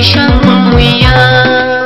Nation